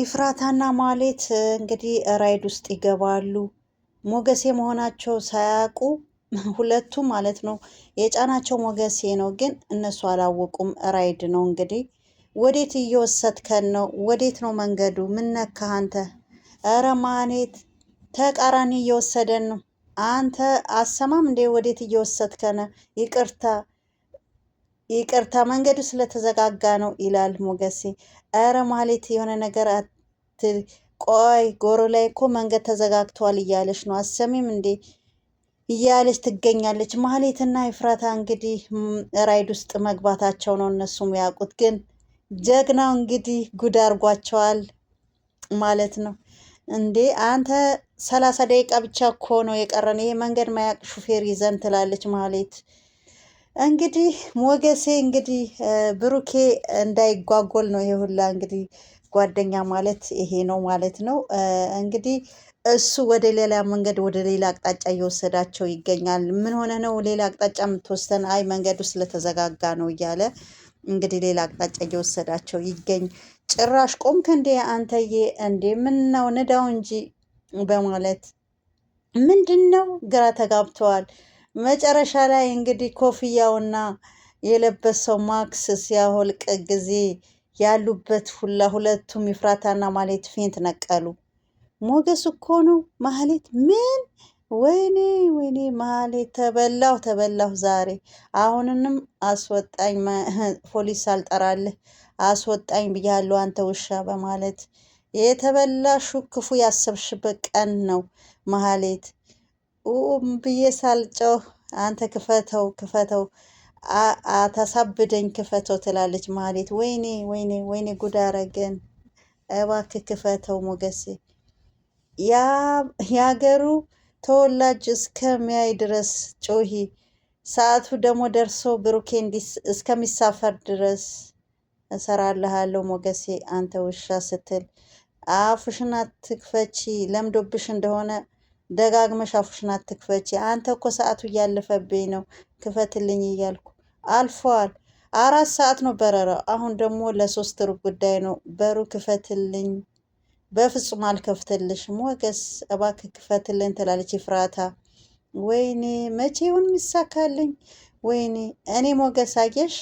ኢፍራታና ማሌት እንግዲህ ራይድ ውስጥ ይገባሉ። ሞገሴ መሆናቸው ሳያውቁ ሁለቱ ማለት ነው የጫናቸው ሞገሴ ነው፣ ግን እነሱ አላወቁም። ራይድ ነው እንግዲህ። ወዴት እየወሰድከን ነው? ወዴት ነው መንገዱ? ምን ነካህ አንተ? ማሌት ተቃራኒ እየወሰደን ነው። አንተ አሰማም እንዴ? ወዴት እየወሰድከን? ይቅርታ ይቅርታ መንገዱ ስለተዘጋጋ ነው ይላል ሞገሴ። ኧረ ማህሌት የሆነ ነገር አትል፣ ቆይ ጎሮ ላይ እኮ መንገድ ተዘጋግቷል እያለች ነው አሰሚም እንዴ እያለች ትገኛለች። ማህሌትና ይፍራታ እንግዲህ ራይድ ውስጥ መግባታቸው ነው እነሱም ያውቁት፣ ግን ጀግናው እንግዲህ ጉድ አርጓቸዋል ማለት ነው። እንዴ አንተ ሰላሳ ደቂቃ ብቻ እኮ ነው የቀረን ይሄ መንገድ ማያቅ ሹፌር ይዘን ትላለች ማህሌት እንግዲህ ሞገሴ እንግዲህ ብሩኬ እንዳይጓጎል ነው። ይሄ ሁላ እንግዲህ ጓደኛ ማለት ይሄ ነው ማለት ነው። እንግዲህ እሱ ወደ ሌላ መንገድ ወደ ሌላ አቅጣጫ እየወሰዳቸው ይገኛል። ምን ሆነ ነው ሌላ አቅጣጫ የምትወሰን? አይ መንገዱ ስለተዘጋጋ ነው እያለ እንግዲህ ሌላ አቅጣጫ እየወሰዳቸው ይገኝ። ጭራሽ ቆምክ እንዴ አንተዬ? እንዴ ምነው ንዳው እንጂ በማለት ምንድን ነው ግራ ተጋብተዋል። መጨረሻ ላይ እንግዲህ ኮፍያውና የለበሰው ማክስ ሲያወልቅ ጊዜ ያሉበት ሁላ ሁለቱም ይፍራታና ማሌት ፌንት ነቀሉ። ሞገስ እኮ ነው ማህሌት ምን ወይኔ ወይኔ ማህሌት ተበላሁ ተበላሁ ዛሬ። አሁንንም አስወጣኝ ፖሊስ አልጠራልህ አስወጣኝ ብያለሁ አንተ ውሻ በማለት የተበላሹ ክፉ ያሰብሽበት ቀን ነው ማህሌት ብዬ ሳልጮህ አንተ ክፈተው ክፈተው አታሳብደኝ ክፈተው ትላለች ማህሌት። ወይኔ ወይኔ ወይኔ ጉድ አረገን፣ እባክህ ክፈተው ሞገሴ። የሀገሩ ተወላጅ እስከሚያይ ድረስ ጮሂ፣ ሰዓቱ ደግሞ ደርሶ ብሩኬ እስከሚሳፈር ድረስ እሰራልሃለሁ ሞገሴ፣ አንተ ውሻ ስትል አፍሽን አትክፈቺ ለምዶብሽ እንደሆነ ደጋግመሽ አፉሽን አትክፈች። አንተ እኮ ሰዓቱ እያለፈብኝ ነው፣ ክፈትልኝ እያልኩ አልፈዋል አራት ሰዓት ነው በረራው። አሁን ደግሞ ለሶስት ሩብ ጉዳይ ነው። በሩ ክፈትልኝ። በፍጹም አልከፍትልሽ ሞገስ፣ እባክህ ክፈትልኝ ትላለች ፍራታ። ወይኔ መቼ ይሁን የሚሳካልኝ? ወይኔ እኔ ሞገስ፣ አየሽ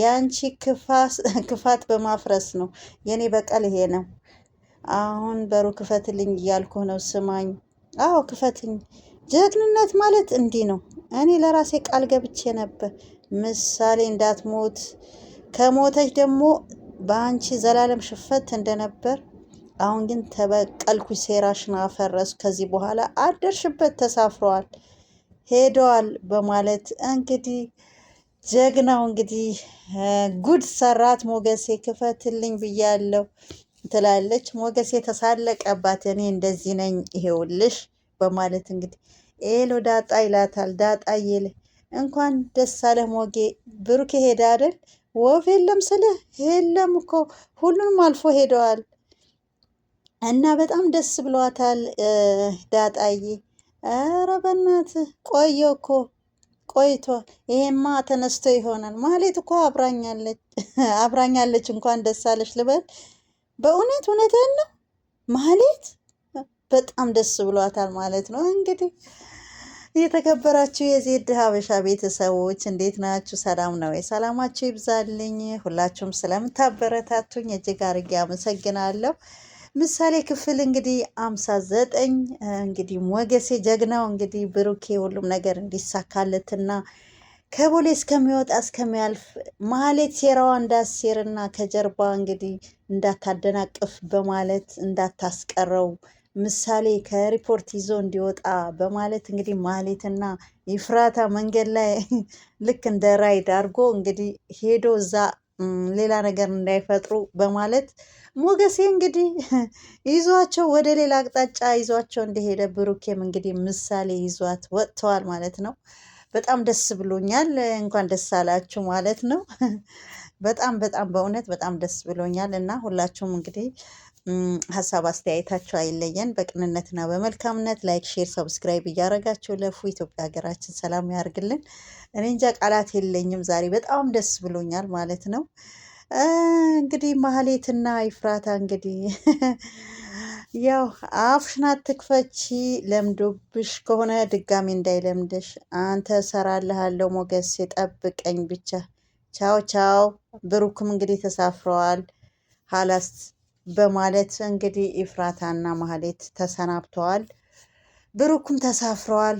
የአንቺ ክፋት በማፍረስ ነው። የእኔ በቀል ይሄ ነው። አሁን በሩ ክፈትልኝ እያልኩ ነው። ስማኝ አዎ ክፈትኝ። ጀግንነት ማለት እንዲህ ነው። እኔ ለራሴ ቃል ገብቼ ነበር፣ ምሳሌ እንዳትሞት ከሞተች ደግሞ በአንቺ ዘላለም ሽፈት እንደነበር። አሁን ግን ተበቀልኩ፣ ሴራሽን አፈረሱ። ከዚህ በኋላ አደርሽበት። ተሳፍረዋል፣ ሄደዋል በማለት እንግዲህ ጀግናው እንግዲህ ጉድ ሰራት ሞገሴ ክፈትልኝ ብያለሁ። ትላለች። ሞገስ የተሳለቀባት እኔ እንደዚህ ነኝ ይሄውልሽ በማለት እንግዲህ ኤሎ ዳጣ ይላታል። ዳጣ ይል እንኳን ደስ አለህ ሞጌ። ብሩክ ሄደ አይደል? ወፍ የለም ስልህ የለም እኮ ሁሉንም አልፎ ሄደዋል እና በጣም ደስ ብሏታል ዳጣዬ። ኧረ በእናትህ ቆየ እኮ ቆይቶ ይሄማ ተነስቶ ይሆናል ማለት እኮ አብራኛለች አብራኛለች እንኳን ደስ አለሽ ልበል በእውነት እውነትን ነው ማለት በጣም ደስ ብሏታል ማለት ነው። እንግዲህ የተከበራችሁ የዜድ ሀበሻ ቤተሰቦች እንዴት ናችሁ? ሰላም ነው? ሰላማችሁ ይብዛልኝ። ሁላችሁም ስለምታበረታቱኝ እጅግ አርጌ አመሰግናለሁ። ምሳሌ ክፍል እንግዲህ አምሳ ዘጠኝ እንግዲህ ሞገሴ ጀግናው እንግዲህ ብሩኬ ሁሉም ነገር እንዲሳካለትና ከቦሌ እስከሚወጣ እስከሚያልፍ ማህሌት ሴራዋ እንዳሴርና ከጀርባ እንግዲህ እንዳታደናቅፍ በማለት እንዳታስቀረው ምሳሌ ከሪፖርት ይዞ እንዲወጣ በማለት እንግዲህ ማህሌትና ይፍራታ መንገድ ላይ ልክ እንደ ራይድ አድርጎ እንግዲህ ሄዶ እዛ ሌላ ነገር እንዳይፈጥሩ በማለት ሞገሴ እንግዲህ ይዟቸው ወደ ሌላ አቅጣጫ ይዟቸው እንደሄደ ብሩኬም እንግዲህ ምሳሌ ይዟት ወጥተዋል ማለት ነው። በጣም ደስ ብሎኛል። እንኳን ደስ አላችሁ ማለት ነው። በጣም በጣም በእውነት በጣም ደስ ብሎኛል እና ሁላችሁም እንግዲህ ሀሳብ አስተያየታችሁ አይለየን። በቅንነትና በመልካምነት ላይክ፣ ሼር፣ ሰብስክራይብ እያደረጋችሁ ለፉ ኢትዮጵያ ሀገራችን ሰላም ያርግልን። እኔ እንጃ ቃላት የለኝም። ዛሬ በጣም ደስ ብሎኛል ማለት ነው። እንግዲህ ማህሌትና ይፍራታ እንግዲህ ያው አፍሽን አትክፈቺ፣ ለምዶብሽ ከሆነ ድጋሚ እንዳይለምድሽ። አንተ ሰራልሃለሁ ሞገሴ፣ ጠብቀኝ ብቻ። ቻው ቻው። ብሩክም እንግዲህ ተሳፍረዋል ሀላስ በማለት እንግዲህ ኢፍራታና ማህሌት ተሰናብተዋል። ብሩኩም ተሳፍረዋል።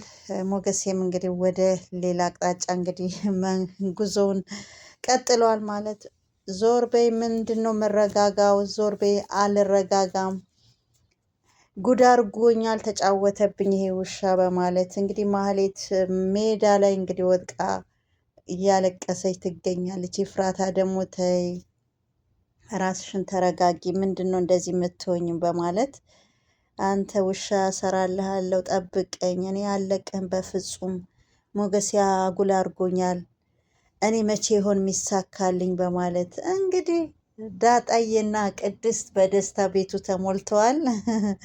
ሞገሴም እንግዲህ ወደ ሌላ አቅጣጫ እንግዲህ ጉዞውን ቀጥለዋል ማለት ዞር በይ፣ ምንድን ነው መረጋጋው? ዞር በይ፣ አልረጋጋም ጉድ አድርጎኛል ተጫወተብኝ ይሄ ውሻ በማለት እንግዲህ ማህሌት ሜዳ ላይ እንግዲህ ወድቃ እያለቀሰች ትገኛለች። ይፍራታ ደግሞ ተይ ራስሽን ተረጋጊ፣ ምንድን ነው እንደዚህ የምትሆኝ በማለት አንተ ውሻ ሰራልሃለሁ፣ ጠብቀኝ፣ እኔ አለቅህም በፍጹም ሞገስ ያጉል አርጎኛል፣ እኔ መቼ ይሆን የሚሳካልኝ በማለት እንግዲህ ዳጣዬና ቅድስት በደስታ ቤቱ ተሞልተዋል።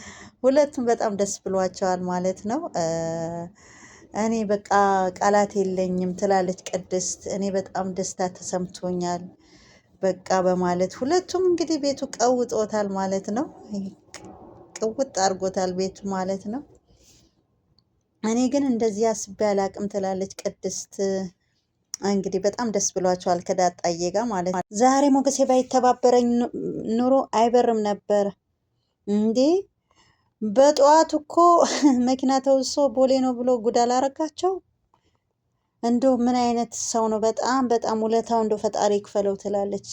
ሁለቱም በጣም ደስ ብሏቸዋል ማለት ነው። እኔ በቃ ቃላት የለኝም ትላለች ቅድስት። እኔ በጣም ደስታ ተሰምቶኛል በቃ በማለት ሁለቱም እንግዲህ ቤቱ ቀውጦታል ማለት ነው። ቅውጥ አድርጎታል ቤቱ ማለት ነው። እኔ ግን እንደዚህ አስቤ አላቅም ትላለች ቅድስት። እንግዲህ በጣም ደስ ብሏቸዋል ከዳጣዬ ጋር ማለት ነው። ዛሬ ሞገሴ ባይተባበረኝ ኑሮ አይበርም ነበር እንዴ። በጠዋት እኮ መኪና ተውሶ ቦሌ ነው ብሎ ጉዳል አረጋቸው። እንዶ ምን አይነት ሰው ነው? በጣም በጣም ውለታው እንዶ ፈጣሪ ክፈለው ትላለች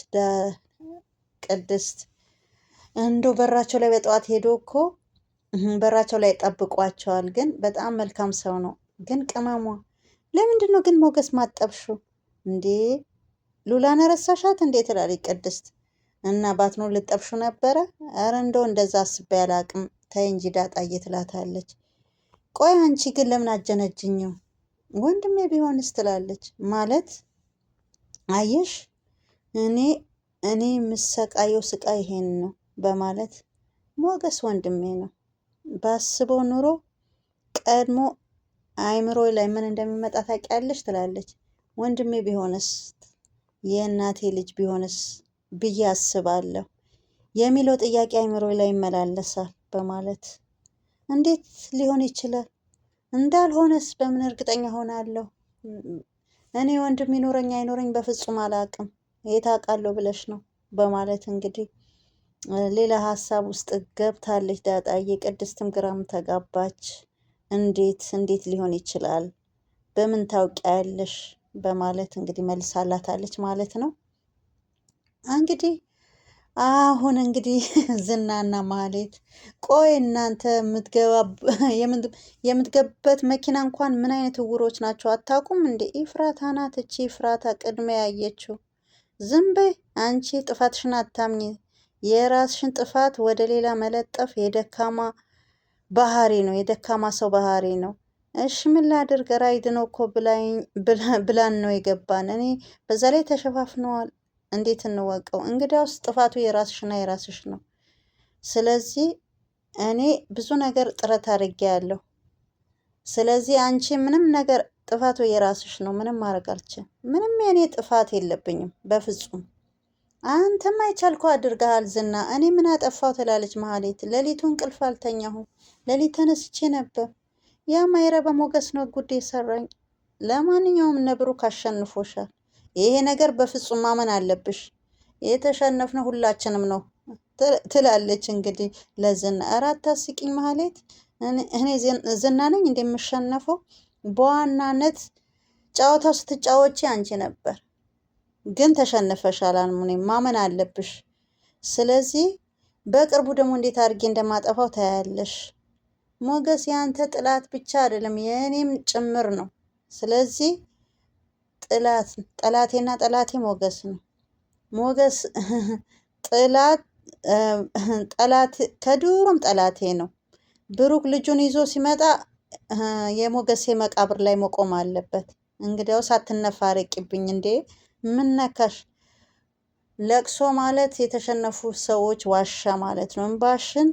ቅድስት። እንዶ በራቸው ላይ በጠዋት ሄዶ እኮ በራቸው ላይ ጠብቋቸዋል። ግን በጣም መልካም ሰው ነው። ግን ቅመሟ ለምንድን ነው ግን ሞገስ ማጠብሹ እንዴ? ሉላን ረሳሻት እንዴ? ትላለች ቅድስት እና ባትኖ ልጠብሹ ነበረ። ኧረ እንደው እንደዛ አስቤ አላቅም። ተይ እንጂ ዳጣዬ ትላታለች። ቆይ አንቺ ግን ለምን አጀነጅኝው? ወንድሜ ቢሆንስ ትላለች። ማለት አየሽ እኔ እኔ የምሰቃየው ስቃይ ይሄን ነው በማለት ሞገስ ወንድሜ ነው ባስበው ኑሮ ቀድሞ አይምሮ ላይ ምን እንደሚመጣ ታውቂያለሽ? ትላለች ወንድሜ ቢሆንስ የእናቴ ልጅ ቢሆንስ ብዬ አስባለሁ የሚለው ጥያቄ አይምሮ ላይ ይመላለሳል በማለት እንዴት ሊሆን ይችላል? እንዳልሆነስ በምን እርግጠኛ ሆናለሁ? እኔ ወንድም ይኖረኝ አይኖረኝ በፍጹም አላውቅም። የት አውቃለሁ ብለሽ ነው በማለት እንግዲህ ሌላ ሀሳብ ውስጥ ገብታለች ዳጣዬ። ቅድስትም ግራም ተጋባች። እንዴት እንዴት ሊሆን ይችላል? በምን ታውቂያለሽ? በማለት እንግዲህ አላታለች ማለት ነው። እንግዲህ አሁን እንግዲህ ዝናና ማህሌት ቆይ እናንተ የምትገባበት መኪና እንኳን ምን አይነት እውሮች ናቸው አታውቁም እንደ ኢፍራታ ናት እቺ ኢፍራታ ቅድሚያ ያየችው። ዝም በይ አንቺ ጥፋትሽን አታምኚ። የራስሽን ጥፋት ወደ ሌላ መለጠፍ የደካማ ባህሪ ነው፣ የደካማ ሰው ባህሪ ነው። እሺ ምን ላድርግ ራይድ ነው እኮ ብላን ነው የገባን። እኔ በዛ ላይ ተሸፋፍነዋል። እንዴት እንወቀው? እንግዲያውስ ጥፋቱ የራስሽና የራስሽ ነው። ስለዚህ እኔ ብዙ ነገር ጥረት አድርጌያለሁ። ስለዚህ አንቺ ምንም ነገር ጥፋቱ የራስሽ ነው። ምንም ማድረግ አልችልም። ምንም የእኔ ጥፋት የለብኝም በፍጹም። አንተ አይቻልኩ አድርገሃል ዝና። እኔ ምን አጠፋው ትላለች መሀሌት። ሌሊቱ እንቅልፍ አልተኛሁም። ሌሊት ተነስቼ ነበር። ያ ማይረባ ሞገስ ነው ጉድ የሰራኝ። ለማንኛውም ነብሩ አሸንፎሻል። ይሄ ነገር በፍጹም ማመን አለብሽ። የተሸነፍነው ሁላችንም ነው ትላለች እንግዲህ ለዝና። ኧረ አታስቂኝ መሀሌት። እኔ ዝና ነኝ እንደምሸነፈው። በዋናነት ጨዋታው ስትጫወቺ አንቺ ነበር ግን ተሸንፈሻል። አልሙኒ ማመን አለብሽ። ስለዚህ በቅርቡ ደግሞ እንዴት አድርጌ እንደማጠፋው ታያለሽ። ሞገስ ያንተ ጥላት ብቻ አይደለም የእኔም ጭምር ነው። ስለዚህ ጥላት ጠላቴና ጠላቴ ሞገስ ነው። ሞገስ ጥላት ጠላት ከድሮም ጠላቴ ነው። ብሩክ ልጁን ይዞ ሲመጣ የሞገሴ መቃብር ላይ መቆም አለበት። እንግዲያውስ አትነፋረቂብኝ እንዴ! ምን ነካሽ? ለቅሶ ማለት የተሸነፉ ሰዎች ዋሻ ማለት ነው። እንባሽን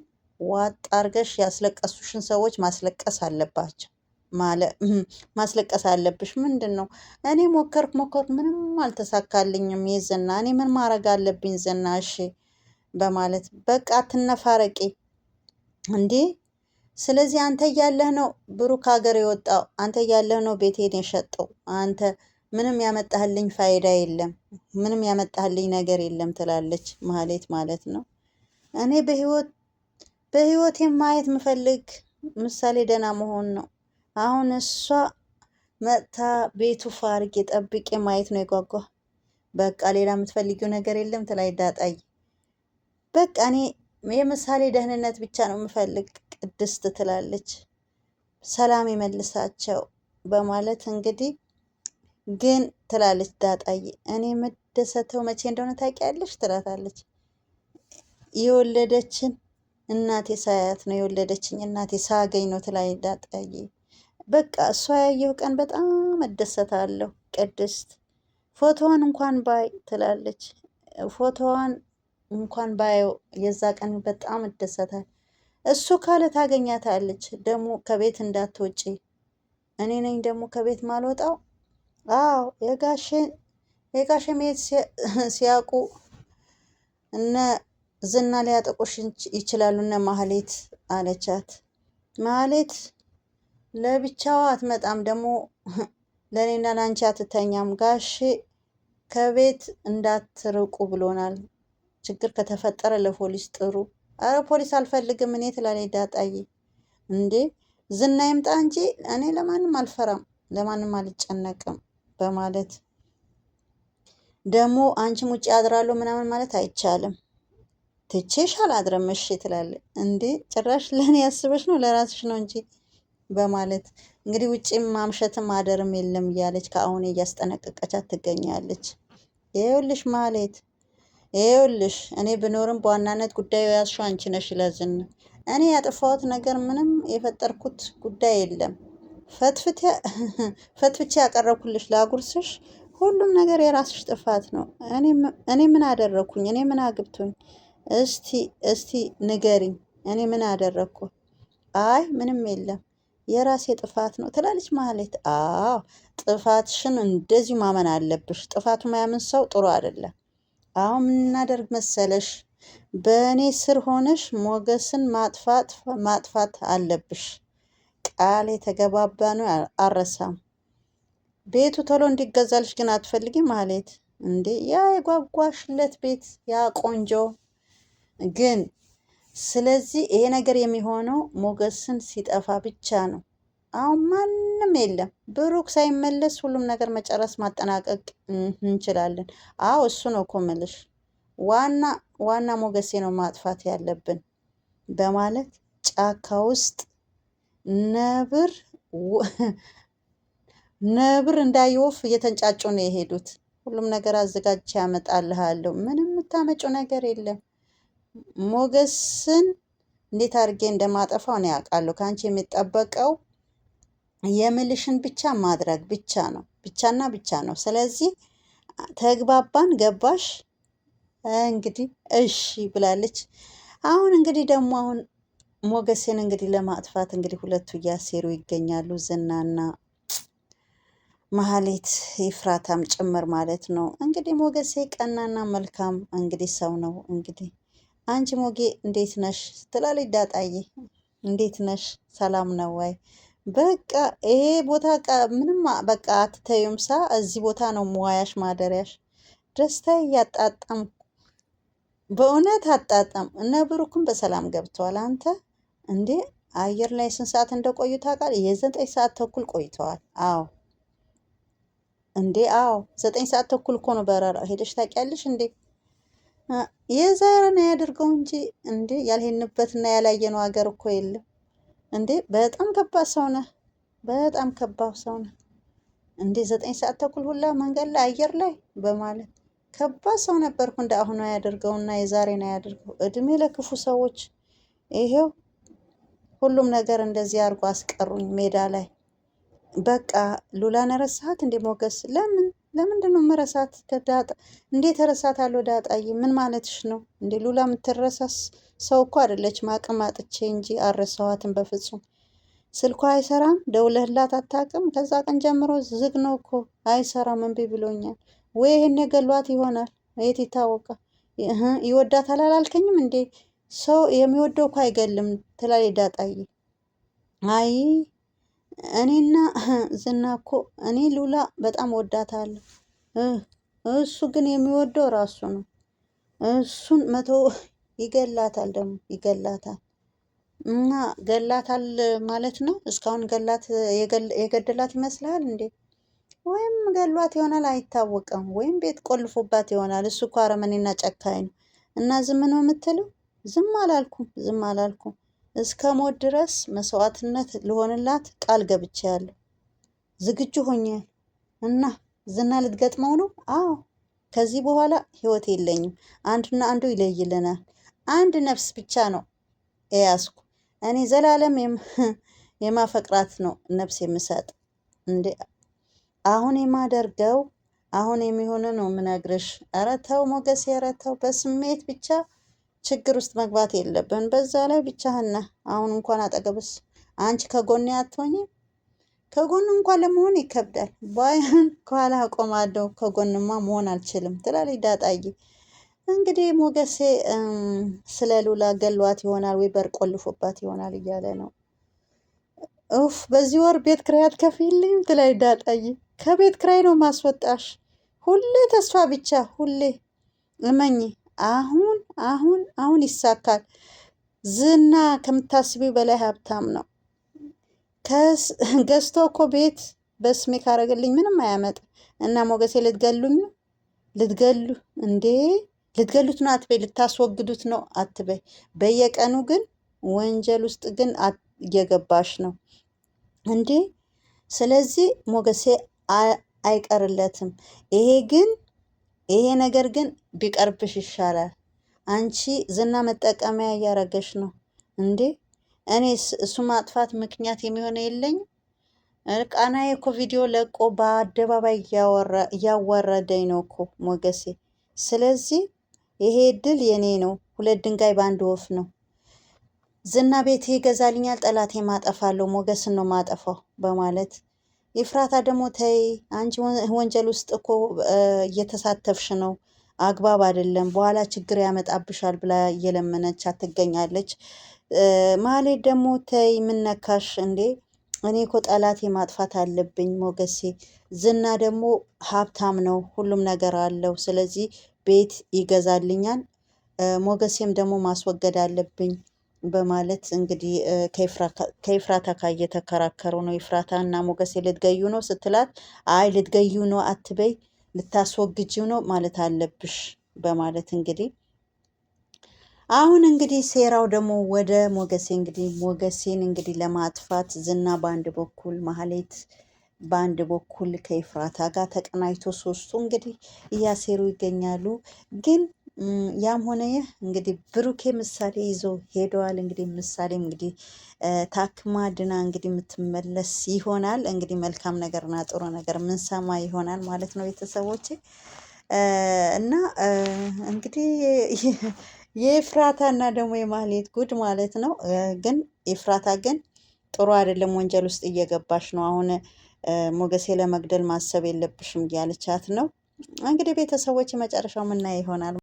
ዋጥ አርገሽ ያስለቀሱሽን ሰዎች ማስለቀስ አለባቸው ማስለቀስ አለብሽ። ምንድን ነው እኔ ሞከርኩ ሞከርኩ ምንም አልተሳካልኝም። ይህ ዝና እኔ ምን ማድረግ አለብኝ? ዝና እሺ በማለት በቃ ትነፋረቂ እንዴ። ስለዚህ አንተ እያለህ ነው ብሩክ ሀገር የወጣው፣ አንተ እያለህ ነው ቤቴን የሸጠው አንተ ምንም ያመጣህልኝ ፋይዳ የለም፣ ምንም ያመጣህልኝ ነገር የለም ትላለች ማህሌት ማለት ነው። እኔ በህይወት በህይወት ማየት ምፈልግ ምሳሌ ደና መሆን ነው። አሁን እሷ መጥታ ቤቱ ፋርጌ ጠብቄ ማየት ነው የጓጓ። በቃ ሌላ የምትፈልጊው ነገር የለም ትላይ ዳጣይ። በቃ እኔ የምሳሌ ደህንነት ብቻ ነው የምፈልግ ቅድስት ትላለች። ሰላም ይመልሳቸው በማለት እንግዲህ ግን ትላለች ዳጣዬ፣ እኔ የምደሰተው መቼ እንደሆነ ታውቂያለሽ? ትላታለች። የወለደችን እናቴ ሳያት ነው የወለደችኝ እናቴ ሳገኝ ነው ትላይ ዳጣዬ። በቃ እሷ ያየው ቀን በጣም እደሰታለሁ። ቅድስት ፎቶዋን እንኳን ባይ ትላለች። ፎቶዋን እንኳን ባየው የዛ ቀን በጣም እደሰታል። እሱ ካለ ታገኛታለች። ደግሞ ከቤት እንዳትወጪ እኔ ነኝ ደግሞ ከቤት ማልወጣው አዎ የጋሼን የጋሼ መሄድ ሲያውቁ እነ ዝና ሊያጠቁሽ ይችላሉ እነ ማህሌት አለቻት። ማህሌት ለብቻዋ አትመጣም፣ ደግሞ ለእኔና ለአንቺ አትተኛም። ጋሼ ከቤት እንዳትርቁ ብሎናል። ችግር ከተፈጠረ ለፖሊስ ጥሩ። አረ ፖሊስ አልፈልግም እኔ ትላለች ዳጣዬ። እንዴ ዝና ይምጣ እንጂ እኔ ለማንም አልፈራም፣ ለማንም አልጨነቅም በማለት ደግሞ አንቺም ውጭ አድራለሁ ምናምን ማለት አይቻልም። ትቼሽ አላድረም እሺ ትላለች። እንዴ ጭራሽ ለእኔ ያስበሽ ነው ለራስሽ ነው እንጂ በማለት እንግዲህ ውጭም ማምሸትም አደርም የለም እያለች ከአሁን እያስጠነቀቀቻት ትገኛለች። ይኸውልሽ ማለት ይኸውልሽ እኔ ብኖርም በዋናነት ጉዳዩ ያዝሽው አንቺ ነሽ። ለዝን እኔ ያጠፋሁት ነገር ምንም የፈጠርኩት ጉዳይ የለም። ፈትፍቼ ያቀረብኩልሽ ላጉርስሽ። ሁሉም ነገር የራስሽ ጥፋት ነው። እኔ ምን አደረግኩኝ? እኔ ምን አግብቶኝ? እስቲ እስቲ ንገሪኝ፣ እኔ ምን አደረግኩ? አይ ምንም የለም የራሴ ጥፋት ነው ትላለች ማለት። አዎ ጥፋትሽን እንደዚሁ ማመን አለብሽ። ጥፋቱ ማያምን ሰው ጥሩ አይደለም። አሁን ምናደርግ መሰለሽ? በእኔ ስር ሆነሽ ሞገስን ማጥፋት ማጥፋት አለብሽ። ቃል የተገባባ ነው። አረሳም። ቤቱ ቶሎ እንዲገዛልሽ ግን አትፈልጊ ማለት እንዴ ያ የጓጓሽለት ቤት ያ ቆንጆ ግን ስለዚህ ይሄ ነገር የሚሆነው ሞገስን ሲጠፋ ብቻ ነው። አሁን ማንም የለም። ብሩክ ሳይመለስ ሁሉም ነገር መጨረስ ማጠናቀቅ እንችላለን። አዎ እሱ ነው እኮ ዋና ዋና ሞገሴ ነው ማጥፋት ያለብን በማለት ጫካ ውስጥ ነብር ነብር እንዳይወፍ እየተንጫጩ ነው የሄዱት። ሁሉም ነገር አዘጋጅ ያመጣልሃለሁ። ምንም የምታመጩ ነገር የለም። ሞገስን እንዴት አድርጌ እንደማጠፋው ነው ያውቃለሁ። ከአንቺ የሚጠበቀው የምልሽን ብቻ ማድረግ ብቻ ነው፣ ብቻና ብቻ ነው። ስለዚህ ተግባባን፣ ገባሽ? እንግዲህ እሺ ብላለች። አሁን እንግዲህ ደግሞ አሁን ሞገሴን እንግዲህ ለማጥፋት እንግዲህ ሁለቱ እያሴሩ ይገኛሉ። ዝናና መሀሌት ይፍራታም ጭምር ማለት ነው። እንግዲህ ሞገሴ ቀናና መልካም እንግዲህ ሰው ነው። እንግዲህ አንቺ ሞጌ እንዴት ነሽ ትላለች ዳጣዬ። እንዴት ነሽ? ሰላም ነው ወይ? በቃ ይሄ ቦታ ምንም በቃ አትተዩም ሳ እዚህ ቦታ ነው መዋያሽ ማደሪያሽ። ደስታ እያጣጣም በእውነት አጣጣም። እነ ብሩክም በሰላም ገብተዋል አንተ እንዴ አየር ላይ ስንት ሰዓት እንደቆዩ ታውቃለህ? የዘጠኝ ሰዓት ተኩል ቆይተዋል። አዎ እንዴ አዎ ዘጠኝ ሰዓት ተኩል እኮ ነው በረራ። ሄደሽ ታውቂያለሽ እንዴ? የዛሬን ያደርገው እንጂ እንዴ ያልሄንበትና ያላየነው ሀገር እኮ የለም እንዴ። በጣም ከባድ ሰው ነህ፣ በጣም ከባድ ሰው ነህ እንዴ። ዘጠኝ ሰዓት ተኩል ሁላ መንገድ ላይ አየር ላይ በማለት ከባድ ሰው ነበርኩ። እንደ አሁኑ ያደርገውና የዛሬን ያደርገው እድሜ ለክፉ ሰዎች ይሄው ሁሉም ነገር እንደዚህ አድርጎ አስቀሩኝ ሜዳ ላይ በቃ ሉላን ረሳት እንዴ ሞገስ? ለምን ለምንድን ነው መረሳት? ዳጣ እንዴት ረሳት አለው። ዳጣዬ ምን ማለትሽ ነው እንዴ? ሉላ የምትረሳስ ሰው እኮ አይደለች። ማቅም አጥቼ እንጂ አረሳዋትን በፍጹም። ስልኳ አይሰራም፣ ደውለህላት አታውቅም። ከዛ ቀን ጀምሮ ዝግ ነው እኮ አይሰራም። እምቢ ብሎኛል። ወይ ይሄን ገሏት ይሆናል፣ የት ይታወቃል። ይወዳታል አላልከኝም እንዴ? ሰው የሚወደው እኮ አይገልም ትላለች ዳጣዬ። አይ እኔና ዝና እኮ እኔ ሉላ በጣም ወዳታለሁ። እሱ ግን የሚወደው ራሱ ነው። እሱን መቶ ይገላታል፣ ደግሞ ይገላታል። እና ገላታል ማለት ነው። እስካሁን ገላት የገደላት ይመስልሃል እንዴ? ወይም ገሏት ይሆናል አይታወቅም። ወይም ቤት ቆልፎባት ይሆናል። እሱ እኮ አረመኔና ጨካኝ ነው። እና ዝም ነው የምትለው ዝም አላልኩም ዝም አላልኩም እስከ ሞት ድረስ መስዋዕትነት ልሆንላት ቃል ገብቻለሁ። ዝግጁ ሆኛል እና ዝና ልትገጥመው ነው? አዎ ከዚህ በኋላ ህይወት የለኝም። አንዱና አንዱ ይለይልናል። አንድ ነፍስ ብቻ ነው እያስኩ እኔ ዘላለም የማፈቅራት ነው ነፍስ የምሰጥ። እንዴ አሁን የማደርገው አሁን የሚሆነ ነው ምነግርሽ። ኧረ ተው ሞገሴ፣ ኧረ ተው በስሜት ብቻ ችግር ውስጥ መግባት የለብን። በዛ ላይ ብቻህና አሁን እንኳን አጠገብስ አንቺ ከጎን አትሆኝ። ከጎን እንኳን ለመሆን ይከብዳል። ባይሆን ከኋላ አቆማለሁ፣ ከጎንማ መሆን አልችልም ትላለች ዳጣዬ። እንግዲህ ሞገሴ ስለ ሉላ ገሏት ይሆናል ወይ በር ቆልፎባት ይሆናል እያለ ነው። ኡፍ በዚህ ወር ቤት ክራይ አትከፍይልኝም ትላለች ዳጣዬ። ከቤት ክራይ ነው ማስወጣሽ። ሁሌ ተስፋ ብቻ ሁሌ እመኝ አሁን አሁን አሁን ይሳካል። ዝና ከምታስቢው በላይ ሀብታም ነው። ገዝቶ እኮ ቤት በስሜ ካረገልኝ ምንም አያመጣ እና ሞገሴ ልትገሉኝ ነው ልትገሉ እንዴ ልትገሉት ነው አትበይ፣ ልታስወግዱት ነው አትበይ። በየቀኑ ግን ወንጀል ውስጥ ግን እየገባሽ ነው እንዴ። ስለዚህ ሞገሴ አይቀርለትም። ይሄ ግን ይሄ ነገር ግን ቢቀርብሽ ይሻላል። አንቺ ዝና መጠቀሚያ እያረገሽ ነው እንዴ? እኔ እሱ ማጥፋት ምክንያት የሚሆነ የለኝም። ቃና እኮ ቪዲዮ ለቆ በአደባባይ እያወረደኝ ነው እኮ ሞገሴ። ስለዚህ ይሄ ድል የኔ ነው። ሁለት ድንጋይ በአንድ ወፍ ነው። ዝና ቤት ይገዛልኛል፣ ጠላቴ ማጠፋለሁ፣ ሞገስን ነው ማጠፋው በማለት ኤፍራታ ደግሞ ተይ አንቺ ወንጀል ውስጥ እኮ እየተሳተፍሽ ነው፣ አግባብ አይደለም፣ በኋላ ችግር ያመጣብሻል ብላ እየለመነች አትገኛለች። ማሌ ደግሞ ተይ ምነካሽ እንዴ እኔ እኮ ጠላቴ ማጥፋት አለብኝ ሞገሴ። ዝና ደግሞ ሀብታም ነው፣ ሁሉም ነገር አለው። ስለዚህ ቤት ይገዛልኛል። ሞገሴም ደግሞ ማስወገድ አለብኝ በማለት እንግዲህ ከኤፍራታ ካ እየተከራከሩ ነው። ኤፍራታ እና ሞገሴ ልትገዩ ነው ስትላት፣ አይ ልትገዩ ነው አትበይ፣ ልታስወግጅው ነው ማለት አለብሽ በማለት እንግዲህ አሁን እንግዲህ ሴራው ደግሞ ወደ ሞገሴ እንግዲህ ሞገሴን እንግዲህ ለማጥፋት ዝና በአንድ በኩል ማህሌት በአንድ በኩል ከኤፍራታ ጋር ተቀናጅቶ ሶስቱ እንግዲህ እያሴሩ ይገኛሉ ግን ያም ሆነ ይህ እንግዲህ ብሩኬ ምሳሌ ይዞ ሄደዋል። እንግዲህ ምሳሌ እንግዲህ ታክማ ድና እንግዲህ የምትመለስ ይሆናል። እንግዲህ መልካም ነገርና ጥሩ ነገር ምንሰማ ይሆናል ማለት ነው ቤተሰቦች እና እንግዲህ የኤፍራታ እና ደግሞ የማህሌት ጉድ ማለት ነው። ግን ኤፍራታ ግን ጥሩ አይደለም፣ ወንጀል ውስጥ እየገባሽ ነው። አሁን ሞገሴ ለመግደል ማሰብ የለብሽም እያለቻት ነው። እንግዲህ ቤተሰቦች መጨረሻው ምና ይሆናል።